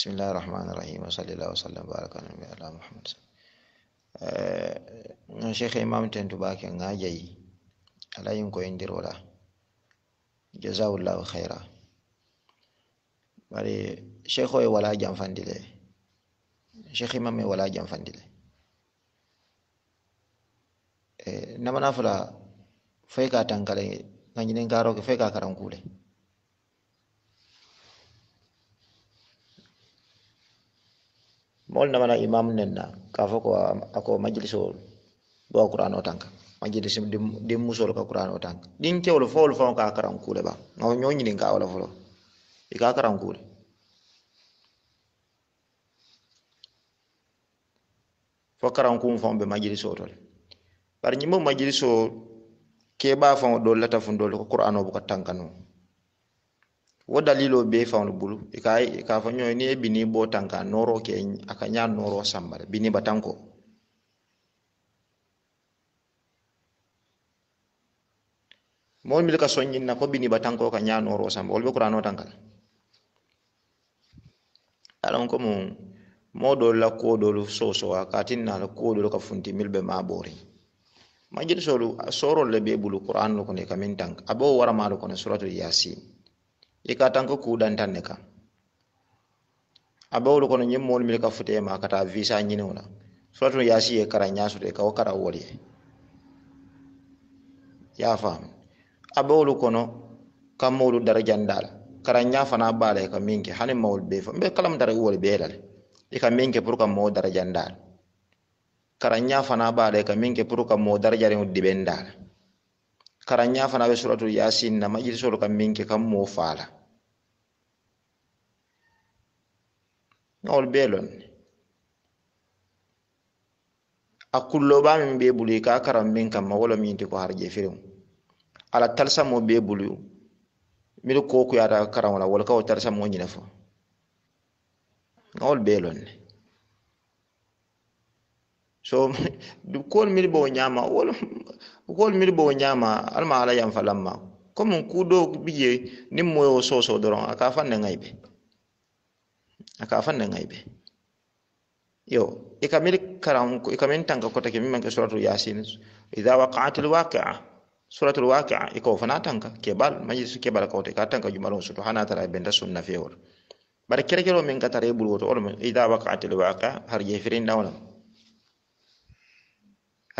Bismillahirrahmanirrahim. Sallallahu wasallam baraka nabi ala Muhammad. Eh Sheikh Imam tentu bake ngajayi alayin ko indirola. Jazawullahu khaira. Bari Sheikh oy wala jamfandile. Sheikh Imam e wala jamfandile. Eh namana fula fay ka tankale ngajinin karo ke ka karankule. moolu namana imam nenna ka fo ko ako majlisol bo a qouran o tanka majlis din musolu ka qouran o tanka ɗin kewolu foolu fao ka karankule ba ao ñoñininka wala folo i ka karankule fo karankun fao be majlis o tole bari ñimbo majlis o keɓa fao ɗollata fundolu ko qouran o buka tanka nu o dalilo be faŋolu bulu i ka i ni ye bini bo tanka noro ke kɛ a ka ɲa nɔrɔ sanbara bini batanko kɔ moolu milu ka sɔn na ko bini batanko ka ɲa noro sanba olu be kuranɔ tan kala alon komu mo doolu la kuo doolu soosoo a ka tin na la kuo doolu ka funti milu be maa boori majiri soorolu le be e bulu kuran lu kono i ka min tan a b'o warama lu kono suratul yasin ikatanko kudan tanne kan abawolu kono ñiŋ moolu mili ka futema ka taa visa ñiniŋo la suratunu yasi e kara ñaa de ka wo wori ya fam ye a kono ka moolu darajanda la kara ñaa fana bale ka minke ke hani mawolu bee fo mbe kalamu tara wolu bee la le ka minke pur ka moo darajanda la kara ñaa fana bale ka minke pur pour ka moo darajariŋo dibenda la karanya fana be suratul yasin na majilisolu ka min kɛ ka mo fala ngol belon akullo a min bee buli ka karam min kam wo lo min ti ko harje firiŋ ala be bee bulu miru ko ya karam wala wolu ka wo talisamo ñine fo ngol bee lon ne so kuol mil bo wol kuol mil bo alma ala yam falamma comme kudo biye nim moyo soso doron aka fanne ngaybe aka fanne ngaybe yo ikamil karam ikamin tanga kota ke mimman ke yasin idha waqa'atil waqi'a suratul waqi'a iko fana tanga kebal majlis kebal kota ka tanga jumalon sutu hana tara benda sunna fewol bar kere kero min katare bulwoto or idha waqa'atil waqi'a har je firin dawlam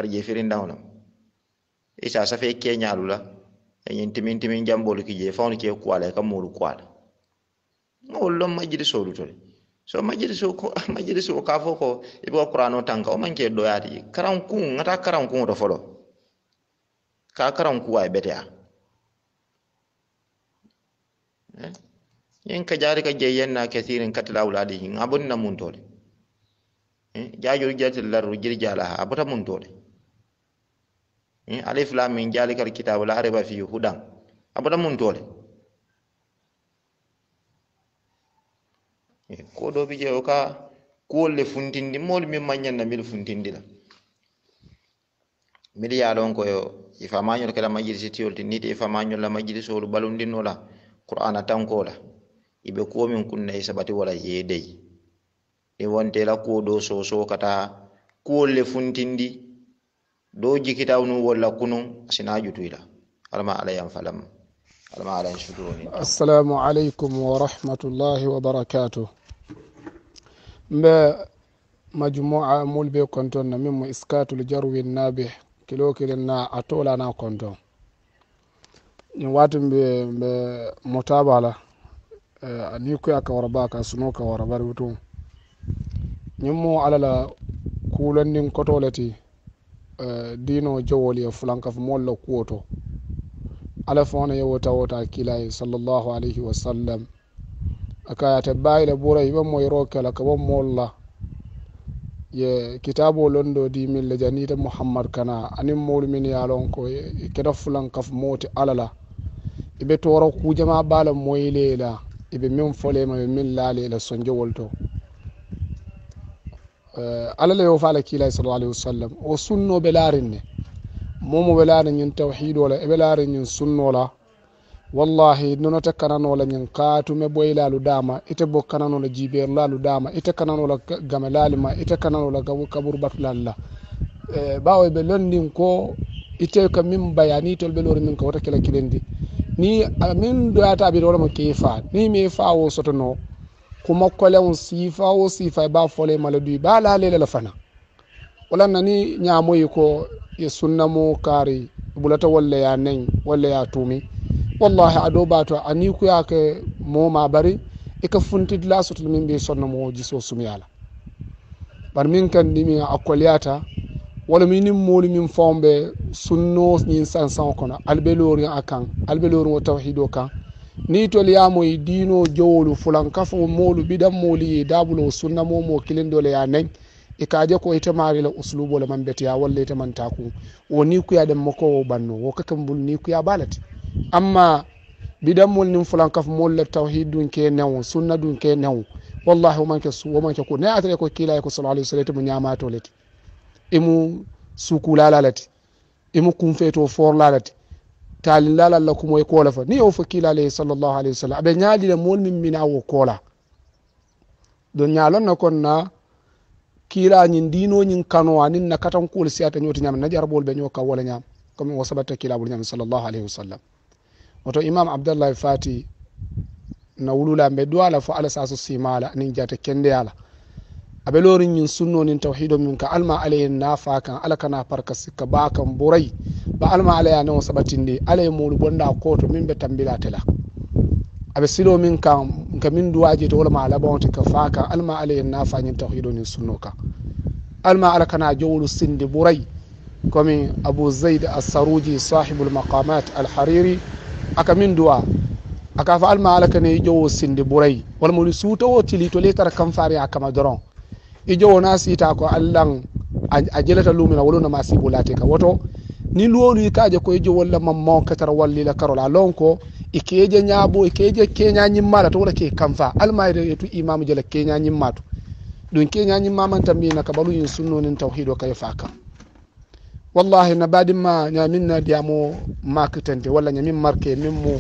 har jefirindaŋolam isa safe ke ñaalu la timin timin jambolu ki je faŋolu ke kuwala i ka moolu kuwala ŋa wolu loŋ majilisolu to le so majiliso majiliso ka fo ko i be ka kurano tanka wo maŋ ke doyaati karankuŋ ŋa taa folo ka karankuwa ye beteya ñiŋ ka jaari ka jeyenna kesirin katila wulaadihi ŋa bonni na muntole jaajuru jatil larru jirjalaha a bota muntole Eh, alif lam min jalikal kitab la raiba fihi hudan abada mun tole ko do bi je o ka ko le funtindi mi manyan na mil funtindi la mil ya don ko yo eh, ifa manyo kala majlis tiol ti nite ifa manyo la majlis majilisolu balundinno la qur'an tan ko la ibe ko min kunna i sabati wala ye dey wonte la ko do so so kata ko le funtindi do jikitaw nu walla kunun asina jutuyla alma ala yan falam alma ala yan assalamu aleykum wa rahmatullahi wa barakatuh mbe majumua mulbe konton na min iskatu iskatul jarwin nabe kilo kilin na a na konton ni watin be mbe mutabala eh, ni kuya Kawarabaka wara ka suno ka wara bari wutum ñin alala kulondin Eh, diino jowoli e fulanka fo molla kuwoto ala fona yewo tawota kilay sallllahu alayhi wa sallam akayata bayile ɓuura yiɓe moye rokela ka bo molla ye kitabo londo dimille janide mouhammad kana anin molumin yalon ko e, e keda fulankaf moti alala iɓe toro kujama ɓala moyilela iɓe min folema ɓe min laalila sonjowol to Eh, alalay o faala kiilay sal alayhi wa sallam o sunnoɓe laarinne momo ɓe laari ñin taw hiiɗola eɓe laari ñin e sunnola wallahi nono te kananola ñin kaatume ɓoye laalu dama ite bo kananola jibeer laalu dama ite kananola game laalima ite kananola kabur batulalla e eh, ɓawo ɓe londin ko ite ka min baya ni tol ɓe loori min ka wota kila kilendi ni min doyataɓiɗe wolamo keyi faa ni mi faa wo sotono kuma kolen sifa o sifa ba fole maladu ba la lele la fana wala nani nyamo ko ya sunna mo kari bulata wala ya nen wala ya tumi wallahi ado bato ani ku ya ke mo ma bari ka funti la sotul min be sonna mo jiso sumiyala bar min kan dimi akoliyata wala min ni min fawon sunno ñin san kono albe loorin a kan albe tawhido kan ni to liyamoye dino jowolu fulankafo molu ɓiɗan moli e dabulo o sunnamo mo kilindole ya nayi e kaje ko ita marila uslubola man biyete ya walla ita man taku o ni kuyaɗen mako o ɓanno wo kakam bol ni kuya balate amma ɓiɗanmol nin fulankafo molle tawhid dun ke newo sunna dun ke newo wallahi womanke womanke ko nayi atare ko kiilay ko salah alih salam itamo ñamatolete emo suku lalalate emo kumfeto forlalate taalindala alla kumoye koola fa ni yo fo kiila alayhi sallllahu alayhi wa sallam aɓe ñaadile mool min mina wo koola ɗo ñaalonna kon na kiilañin diinoñin kano anin na katankol siyata ñooti ñaami na jarabol ɓe ñoo kawwola ñaam comme wo sabatta kiilabol ñaami sallllahu alayhi wa sallam woto imam abdallahi fati na wulula ɓe duwala fo ala saso simala anin jata kende ala aɓe lorin ñin sunnonin tawhido min ka alma ala en nafa kan ala kana parka sikka ba kan ɓuray ba alma ala ya newo saɓatinde ala e muɗu bonda koto min ɓe tambilatela aɓe silo min kan ka min duwaji to wolma ala ɓonte ka fa kan alma ala en nafa ñin tawhido nin sunno kan alma ala kana jowlu sinde ɓuray komin abou zeyd assaruji sahibul maqamat alhariri aka min duwa aka fa alma ala kane jowo sinde ɓuray walmoni suutawo tili to letara kam fari ha kama ijo na sita ko allah a jelata lumina wolona ma sibulate ka woto ni luwolu kaje ko ijo walla mammon katar wallila karola lon ko i ikeje ñaabo i keje to wala ke kamfa almayre yetu imamu jela kenya ñimmatu ɗum keña na kabalu ka sunno nin tawhido kaye fa wallahi na badima nyaminna na diyamo makitante walla marke min mu.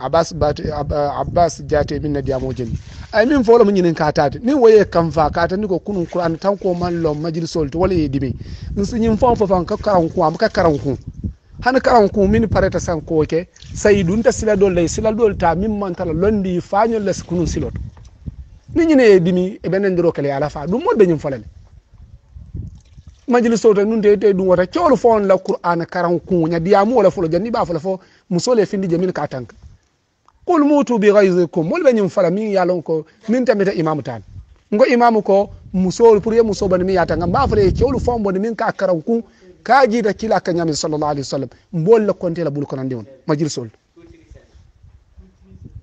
abbas bat abbas jate min na diamo jemi ay min fo mo nyinin katade ni waye kam fa katade ko kunun qur'an tan ko man lo majlisol to wala yedimi nsin fo fo fan ka karan ko am ka karan ko han karan ko min pareta san ko ke sai ta sila dol lay sila dol ta min man tala londi fañol les kunun silot ni nyine yedimi e benen diro kale ala fa dum mo be nyim falale majliso to nun tete dum wata cewol fo la qur'an karan ko nya diamu wala fo janni ba fo la fo musole findi jamin ka tanka qul mutu bi ghayzikum be ɓe fala min yalon ko min tamita imam tan ngo imamu ko musol pour ye musobonde min yata gam mbafala ye cewlu fombonde min ka karaw kun ka jiita kila ka ñami sallallahu alayhi wa mbol la konte la ɓuuri konandi on majir sol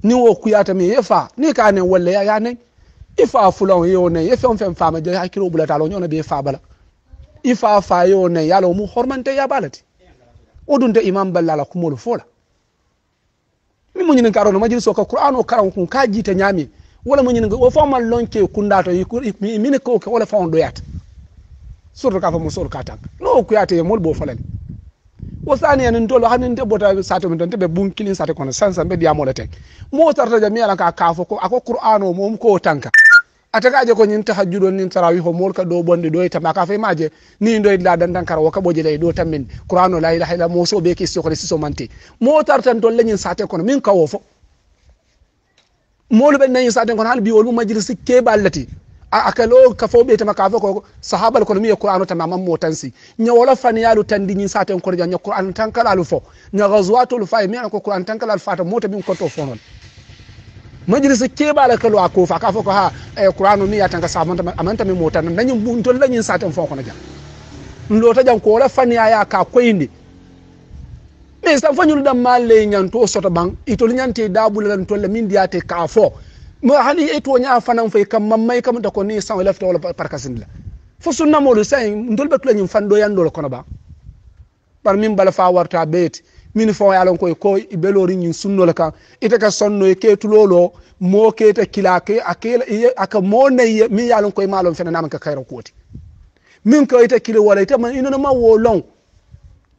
ni wo kuyata min ye fa ni ka nen walla ya ya nen i fa fulan ye o fama je hakkilo ɓulata ala o be fa bala i fa fa ye o mu hormante yabalati o ɗum imam balla ala fola min moñinen ka ɗono majlis o ka qur'an o karan kun ka jite ñaami wala moñinen o famal lonke kundato min ko ko wala fawon ɗoyata surtout ka fa mo sol ka tan no kuyate mol bo falani wo sani en ndol ha nte debota sate min tebe bun kilin sate kono sansa be diamolate mo tarta jamiala ka kafo ko ako qur'an o mom ko tanka atakaje ko ñin tahajjuɗon nin tarawiho molka ɗo bonde ɗo e ka fe maje ni ɗo e ladan tan kara woka ɓoje ley ɗo tan min la ilaha illa moso ɓe kisto kone siso manti mo tartan toon leñin saten kono min kawo fo molu ɓen nañin saten kono han mbi ol mum majlisi keɓallati akalo kafo ɓe tama kafe ko sahabal kono mi e qur'ano tama mammo tan si faniyalu tandi ñin saten kono ja ña qur'an tan fo ña gaswatolu mi ana ko qur'an tan fata mota min kotto fo noon majlis keɓala ka lowa kuufa ka foko ha e qur'anu mi yatanka sa mota nan amantami mutana dañi ɓuntol dañin saten fon kono jam ta jam ko la fani aya ka koyni mais sa fañol ɗam ma nyan to soto bang itol nyan te lan to tolle min ndiyate ka fo e ma hani e nya fanan fay kam mammay kam da ko ni san lefte wala la fo sunna mo sunnamolu sa ndol ba fan do yan do ko na ba par min bala fa warta beeti min fo yalon koye ko ɓelori ñin sunnole kan ite ka sonno sonnoye ketulolo mo ke kete kila aka mo nayye e min yalon koye malon fene namin ka kayra koti min ko ite kili wala ite man ma wo lon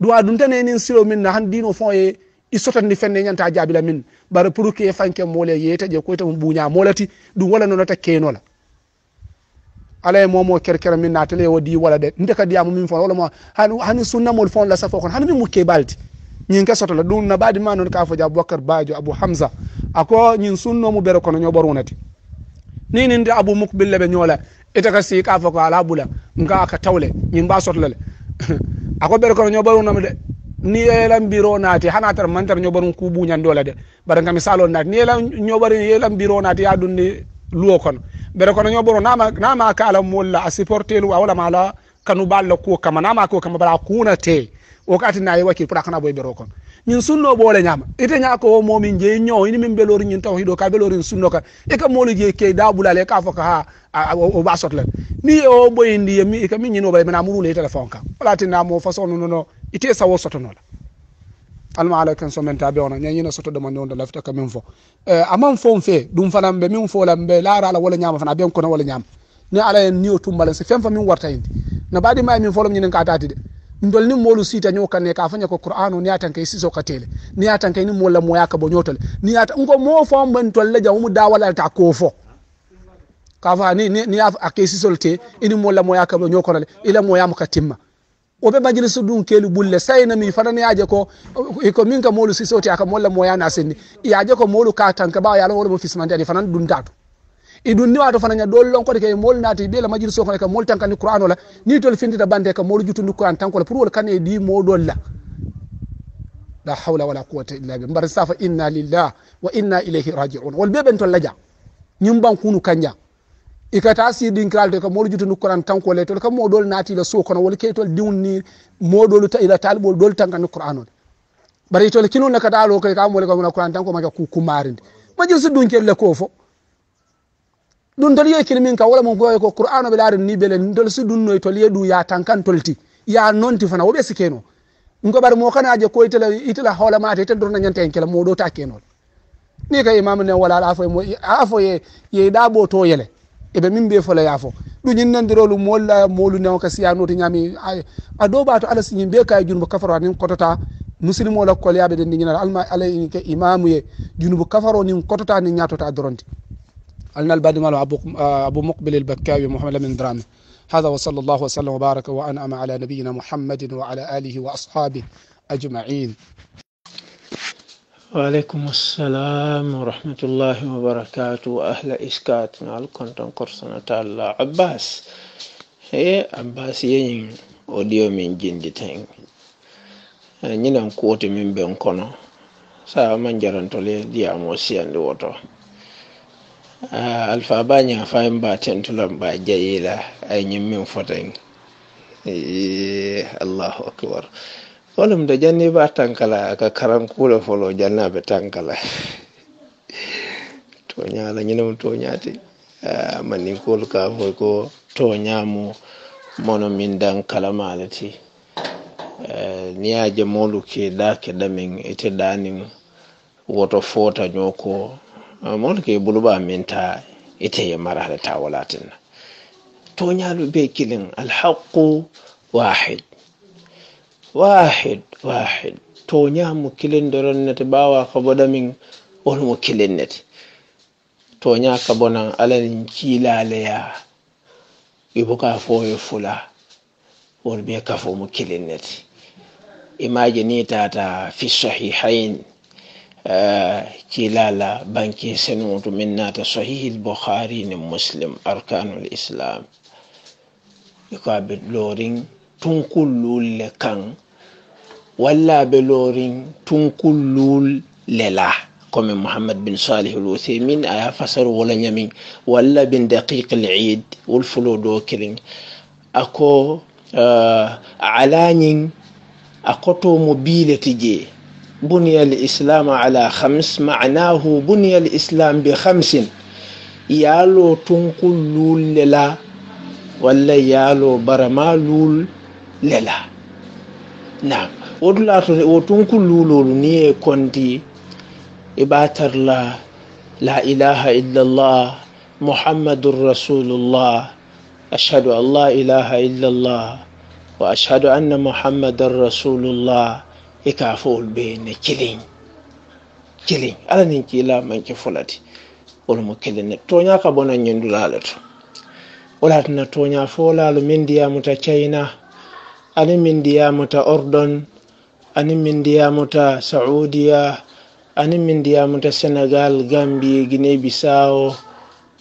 do wa ɗum tane nin silo min na han dino fo ye i sotandi fenne ñanta jaabila min bara pour ke fanke mo le ye te je koyta mo ɓuña molati ɗum wala nonota la ala e momo ker min na tele wodi wala de nde ka diyamo min fo wala mo hanu hanu sunna mo fon la safo kon hani min mukke balti ñin ke sotola ɗum na ɓaadi ma noon ka foje aboubacar badio abou hamsa ako ñin sunnomu ɓere kono ñoɓorunati ni nin de abou mukbil le ɓe ñoola ite ka si ka fo ko ala bula nga ka tawle ñin mba sotola le ako ɓere kono ñoɓorunami de ni yelan biro naati hana tara mantara ñoɓorun ku ɓuñandola de bara nga misalo naati ni yelan ñoɓorin yelan biro naati ya ɗumni luwo kono ɓere kono ñoɓoro nama ka ala molla a supportelu a wala ma ala kanu balla kuwo kama nama kuwo kama bara kuna te wakati na atina ye kana boi beroko kon sunno bole nyama ite ña ko momin je ñoo ini min belori ñin tawhido ka belori sunno ka e ka molu je ke da bulale ka foka ha o ba sotle ni o boy ndi mi ka min ñin o bay mena muru le telefon ka wala tin na mo façon no no ite sawo soto no alma ala kan somen tabe ona nyanyi na soto demande on da lafta ka min fo eh amam fo fe dum fana be min fo la be lara ala wala ñama fana be ko na wala nyama ni ala en niyo tumbalen se fem fa min warta indi na badi ma min fo lo ñin ka tati de ndol ni molu sita nyoka ne ka fanya ko qur'anu ni atan kay siso katele ni atan kay ni mola moya ka bo nyotal ni atan ngo mo fo man tol la da wala ta ko fo ka fa ni ni a kai siso te ini mola moya ka bo nyokol ila moya muka timma o be bajil su dun kelu bulle sayna mi fana ni aje ko ko min ka molu siso te aka mola moya na sinni i aje ko molu ka tan ka ba yalo wala mo fismande ani fanan dun tatu idunni wato fana nya dol lon ko de kay mol naati de la majlis so ko mol tan kan qur'an wala ni tol findi da bande ka mol jutundi qur'an tan ko pour wol kan e di modol la la hawla wala quwwata illa billah mbar safa inna lillah wa inna ilayhi raji'un wol be ben tol laja nyum ban kunu kanja ikata si din kalde ka mol jutundi qur'an tan ko le tol ka modol naati la so kono wol kay tol diwni modol ta ila talbol dol tan kan qur'an wala bari tol kinun ka dalo kay ka mol ka qur'an tan ko maga ku kumarinde majlis dun le ko fo dun tol yo kili min ka wala mo goyo ko qur'ano be laare ni dol su dun noy tol yeɗu ya tankan tolti ya nonti fana wobe sikeno ngo bar mo kana kanaje ko itela itela hoola mate dur na nyante en kela do ta kenol ni ka imam ne wala afo mo afo ye ye da bo to yele e be min mbiye fola yaafo ɗuñin nandirolu molla molu newo ka noti nyami a do ba to ala siñin mbiye kaye junubu kafaro nin kotota muslimo la musilme ola kolyaɓe ɗen ɗiñinata alma ala ke imam ye junubu kafaro nin kotota nin nyatota doronti النال بعد مالو أبو, أبو مقبل البكاوي محمد من درامي هذا وصلى الله وسلم وبارك وأنعم على نبينا محمد وعلى آله وأصحابه أجمعين وعليكم السلام ورحمة الله وبركاته أهل إسكات نالكم تنقرصنا تعالى عباس هي عباس يين وديو من تين جندتين ñinen kuuti min ɓen kono saa man jarantole ndiyamoo دي woto Uh, ah, alfaaba ñaafa n baa tentulan baa jayila ay ñiŋ miŋ foteŋ allahu akbar wala wolem do janni baa tankala a ka karanku le foloo janni a be tankala tooñaa la ñinemu tooñaati uh, ah, mandinkoolu ka fo ko tooñaa mu mono miŋ daŋ kalamaa le ti uh, niŋ ye a ke da ke da min ite da ni woto foota ñoo ko mol ke buluba minta ita ya mara da tawalatin to ya be kilin alhaqu wahid wahid wahid to mu kilin nati ba bawa ka boda min wol mu kilin nati to nya ka bonan alalin kilaleya ibuka ya fula wol be kafo mu kilin net imagine tata fi sahihain kilala banke san min nata sahihi bukhari ni muslim arkanul islam iko aɓe lorin kullul le kan walla be lorin kullul le la kome muhammad bin salih al uthaymin aya fasar wala nyami walla bin daqiq al eid wal kirin ako uh, alañin a koto mobile tije بني الإسلام على خمس معناه بني الإسلام بخمس يالو تنقل لول للا ولا يالو برما لول للا نعم ودلا وتنقل لول ني كنتي إباتر لا لا إله إلا الله محمد رسول الله أشهد أن لا إله إلا الله وأشهد أن محمد رسول الله i k'a fɔ ne kelen kelen ala ni k'i la man kɛ fɔlɔ de mu kelen ne tɔnya ka bɔ na ɲɛndu to o la tɛna tɔnya fɔ la ali min diya mu ta ani min diya ordon ani min diya saudiya ani min diyaamuta mu ta senegal gambie guinea bissau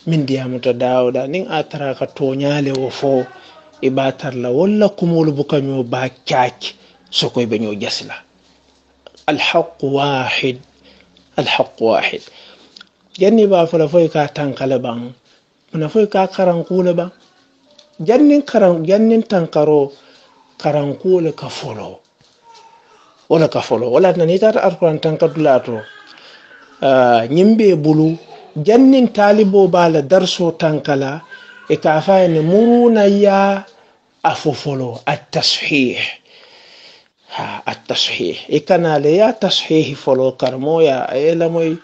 min diyaamuta mu ta a tara ka tɔnya le wo fɔ i b'a tari la wala kumolu buka ɲɔ ba kyaki sokoy be ɲɔ jasila alhaq wahid alhaq wahid janni ba fula foyi ka tankala ban muna foyi ka karankula ban jannin karan jannin tankaro karankula ka folo wala ka folo wala na ni tata alquran tankadula to nyimbe bulu jannin talibo bala darso tankala e ka fa ne muruna ya afofolo at-tashih التصحيح إكنا ليا تصحيح فلو كرمويا إلمي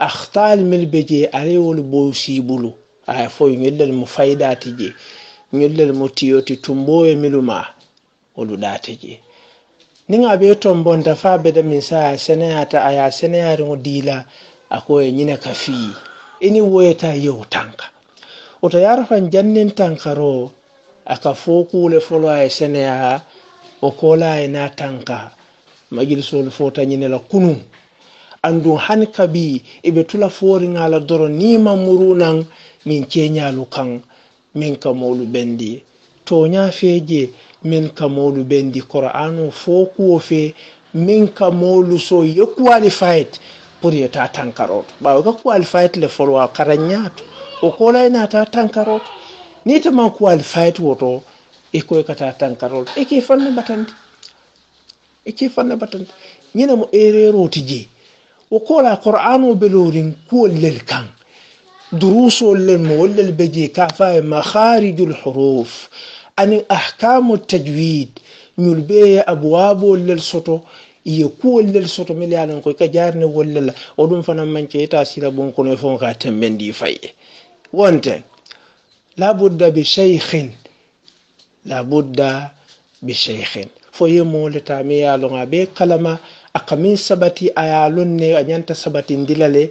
أختال من بجي علي والبوسي بلو أفو يميل المفايدات جي يميل المتيوتي تنبوي ملما ولدات جي niŋa be a ye seneyariŋo diila a ko ye ñine ka fii ini woyeta yewo tanka yarafan jannin tankaro a ka fo a ye seneya o kola e na tanka majilisol fota la kunu andu han kabi eɓe tula ngala doro ni mamuru nan min keñalu kan min ka molu bendi nya feje min ka molu bendi qur'anu fo kuwo fe min ka molu so ye qualified pour ye ta tankaro ba ka qualified le folwa karanya o kolayna ta tankaro ni ta ma qualified woto e koykata tankarol e ki fanne batande e ke fanne batande ñina mo ereroti jee wo kola qur'an o belorin kuwol lel kan durusol lel mo wollel be jee ka faye makharijul huruf anin ahkamu tajwid ñol beye abwabol lel soto iye kuwol lel soto mele alan koy ka jarne wollel o ɗum fana mance ita sila bon kono e fon ka tembendi faye wonten labudda bi cheikhin labudda bi sheikhin fo ye moolu ta mi ye a be kalama a ka miŋ sabati a yalon ne a ñanta sabatindi la le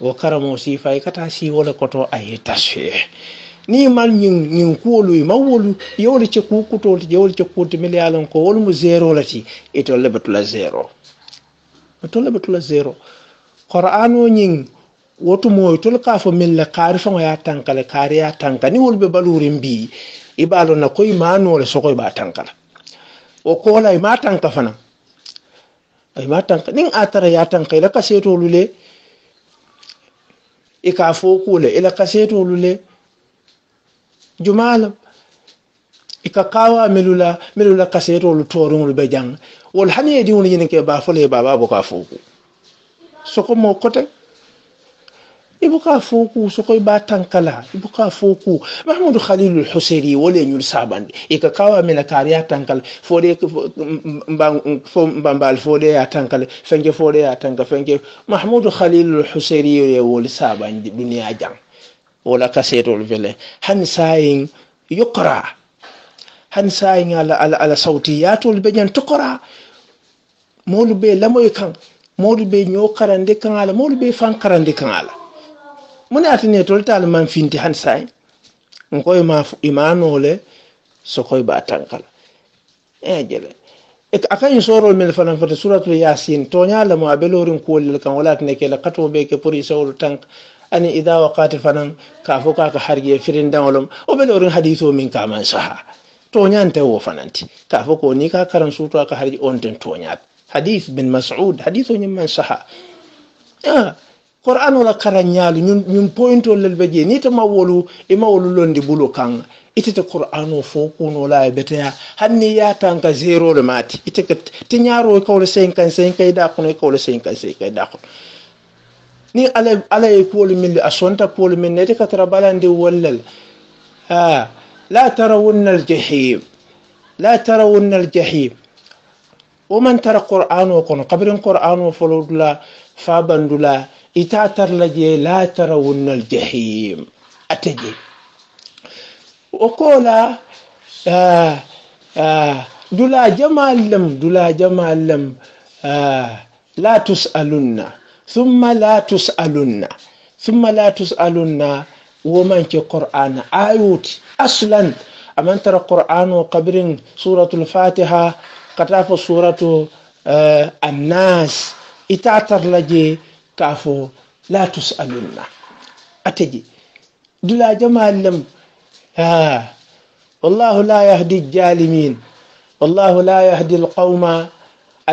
wo karamoo siifa i e ka taa siiwo le koto a ye tasfee ni mal ñin ñin kuwolu ma wulu yewolu ce ku kutolu jewolu ce kuuti mil ye a ko wolu mu zéro le ti itol e le betula zéro itol le betula zéro qur'ano ñin wotu mooy tol kaa fo min le kaari ya ye a tanka le kaari ni wolu be baluurin bi. i be a na ko i le sogo i be a tanka la tanka fanaŋ i maa tanka niŋ a tara ye a tanka i la kaseetoolu le i ka a fo kuu le i la kaseetoolu le jumaa lam i ka kaawa melu la melu la kaseetoolu tooriŋolu be jaŋ wolu hani ye diŋolu ñiniŋ ke baa fo le ye bo ka fo soko moo koteŋ ibuka foku soko ba tankala ibuka foku mahmud khalil al husairi wala nyul sabande e ka kawa mena kariya fode mbambal fode ya tankal fenge fode ya tankal fenge mahmud khalil husairi wala sabande duniya jang wala kasetol vele han sayin yuqra han sayin ala ala ala sawtiyatol be jan molu be lamoy kan molu be nyokarande kan ala molu be fankarande kan ala ati ne tol taal man finti han sayi nkoye ma so sokoye ba tankal e jele akañum soro mel fanan fata suratul yasin to toñalamo a ko le kan ne ke la kato be ke puri isawol tank ani ida wakkati fanan ka fu ka ka firindawolom o dan hadis o min ka man saha toñante wo fananti ka fu ko ni ka karan suto ka hargue on to toñat hadith bin masud hadis min man saha ah, qur'anu la karanñaalu ñun ñun pointo lel ɓe jee ni tama mawolu e mawolu londi bulo kan itete qur'anu fo kunola e beteya hanni yatanka zérole maati iteke tiñaaro e kawle cinquante cinq e dakono ko le 55 kay da ko ni ala ala ye kuwolu min le a sonta kuwolu min ne te ka balande balandi ha a la tarawunna jahim la tarawunna aljahim man tara qur'an o kono kabirin qur'an lo dula fa bandula itatar la je la tara aljahim ate je o kola dula jamal lam dula jamal lam la alunna summa la tusalunna summa la tusalunna womanke qur'ana ayuti aslan aman tara wa kabirin suratul fatiha katafa suratu annas itatar la je كافو لا تسألنا أتجي دلا جمال لم ها والله لا يهدي الجالمين والله لا يهدي القوم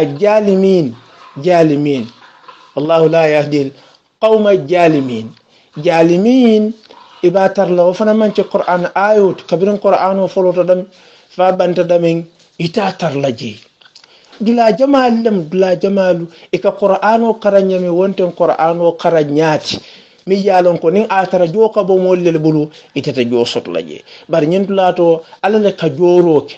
الجالمين جالمين والله لا يهدي القوم الجالمين جالمين إباتر لو فنمان في قرآن آيوت كبير قرآن وفلوت دم فابنت دمين إتاتر لجي dula jamalu lem dula jamalu e ka qur'ano karanyame wonten qur'ano karanyati mi yalon ko nin atara jo ka bo mollel bulu itata e jo sotla je bari nyen dula to ala le ka joroke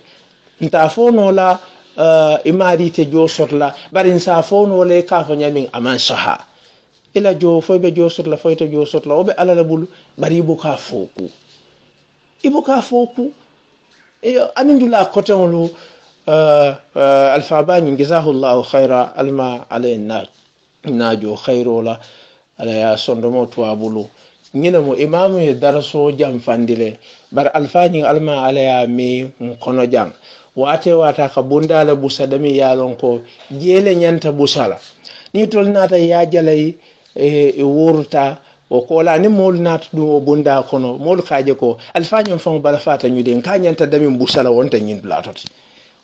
nta fo la uh, eh, imari e te jo sotla bari nsa fo no le ka fo nyamin aman saha ila e jo foybe be jo sotla fo ite jo sotla o be ala le bulu bari ibu ka foku ibu ka foku e anindula kote ngolu alfabañi jisahullahu hayra alma alay najo hayrola alaya sondomo tuwabulu ñina mo imamu ye daraso jam fandile bar alfañin alma alaya mi kono jam wate wata ka bundala busa dami yalon ko jele ñanta busala ni tol nata yajalay e wurta o kola ni moolu naata ɗum o bunda kono moolu kaaje ko alfañon fan bala fata ñude ka ñanta damin busala wonta ñin dulatoti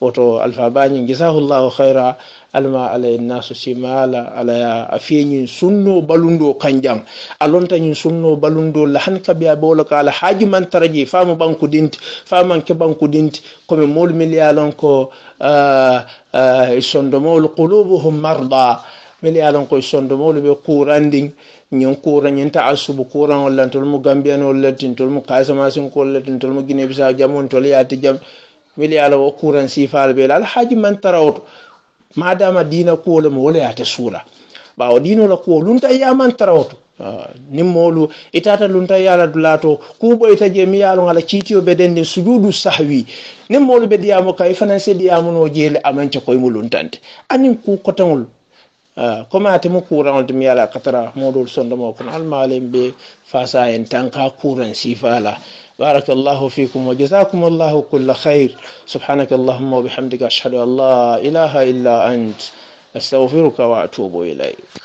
woto alfabañin gisahullahu hayra alma alay nasu simala alaya a feñin sunno balundo kanjam alontañin sunno balundo lahan ka biya bolo ka ala haaji man taraji fama ke banku dinti komi mol miliyalon ko sondomolu qulubuhum marda miliyalon koye sondomolu ɓe kurandin ñin kura ñin ta asubu kura walla tol mu gambiyanol lettin tol mu kasamasin kol lettin tol mu guinée bisa jamon tol jam weli ala wo kuran sifaala la alhaji man tarawoto madama dina kuwole mo ba suula ɓawo ɗinola kuwo lunta yaman tarawoto ah, nin molu itata lunta to dulato bo ita je mi yalo ala ciitiyo be den sujudu sahwi nin molu ɓe ɗiyamo kay fanan se ɗiyamuno jeele amance koyemo luntante ani ku kotagol ah, comme atemo kuran de mi yala katara moɗol sondamo kono almalem be fasa en tanka kuran sifala بارك الله فيكم وجزاكم الله كل خير سبحانك اللهم وبحمدك أشهد أن لا إله إلا أنت أستغفرك وأتوب إليك